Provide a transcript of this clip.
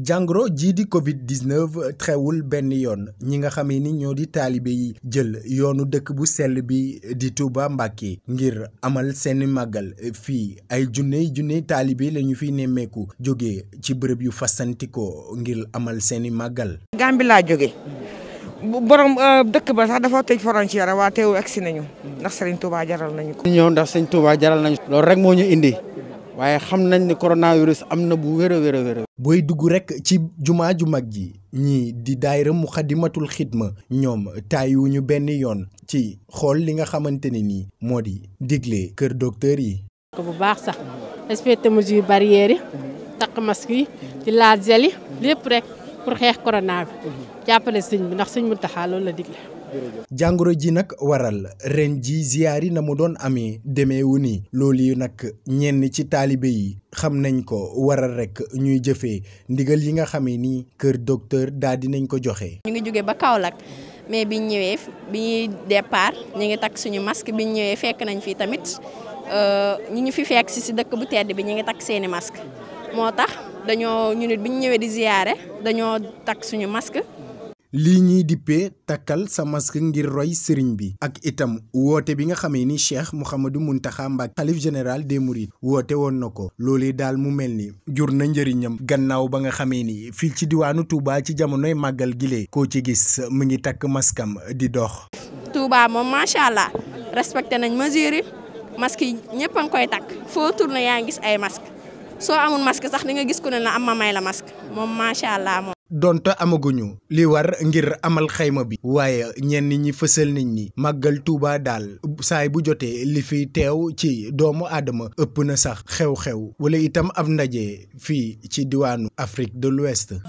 jàngoro jii di Covid 19 xewul benn yoon ñi nga xamee ni ñoo di taalibe yi jël yoonu dëkk bu sell bi di Touba Mbacké ngir amal seeni màggal fii ay junney junney taalibe la ñu fiy nemmeeku jóge ci bërëb yu fasantikoo ngir amal seeni màggal. Gàmbi laa jóge borom euh, dëkk ba sax dafa tëj frontière waa teewu agsi nañu. ndax Serigne Touba jaral nañu ko. ñëw ndax Serigne Touba jaral nañu. loolu rek moo ñu indi. waaye xam nañ ne coronavirus am na bu wér a wér a wér booy dugg rek ci jumaa ju mag ji ñii di daayira mu xadimatul xidma ñoom wu ñu benn yoon ci xool li nga xamante ni nii moo di digle kër docteur yi. bu baax sax respecté mesures barrières yi takk masque yi di laal gel yi lépp rek pour xeex corona jàppale sëñ bi ndax sëñ Muntaxa loolu la digle. jàngoro ji nag waral ren ji ziyaar yi na mu doon amee demeewu ni loolu yi nag ñenn ci taalibe yi xam nañ ko waral rek ñuy jëfee ndigal yi nga xamee ni kër docteur daal nañ ko joxe. ñu ngi jóge ba kaw Kaolack mais biñ ñëwee bi ñuy départ ñu ngi takk suñu masque biñ ñëwee fekk nañ fii tamit ñi euh, ñu fi fekk si si dëkk bu tedd bi ñu ngi takk seeni masque moo tax dañoo ñu nit bi ñu ñëwee di ziyaare dañoo takk suñu masque. lii ñuy dippee takkal sa masque ngir roy sëriñ bi ak itam woote bi nga xamee ni cheikh Mouhamadou Mountakha Mbacké xalif général des Mourides woote woon na ko loolee daal mu mel ni jur na njëriñam gannaaw ba nga xamee ni fii ci diwaanu Touba ci jamonoy màggal gile koo ci gis mu ngi takk maskam di dox. Touba moom macha allah respecté nañ ma yi masque yi ñëpp a koy takk foo tourné yaa ngi gis ay masque soo amul masque sax di nga gis ku ne la am ma may la masque moom macha dont amaguñu li war ngir amal xayma bi waaye ñenn ñi fësal nit ñi màggal Tuuba daal saay bu jotee li fi teew ci doomu aadama ëpp na sax xew-xew wala itam ab ndaje fii ci diwaanu Afrique de l'Ouest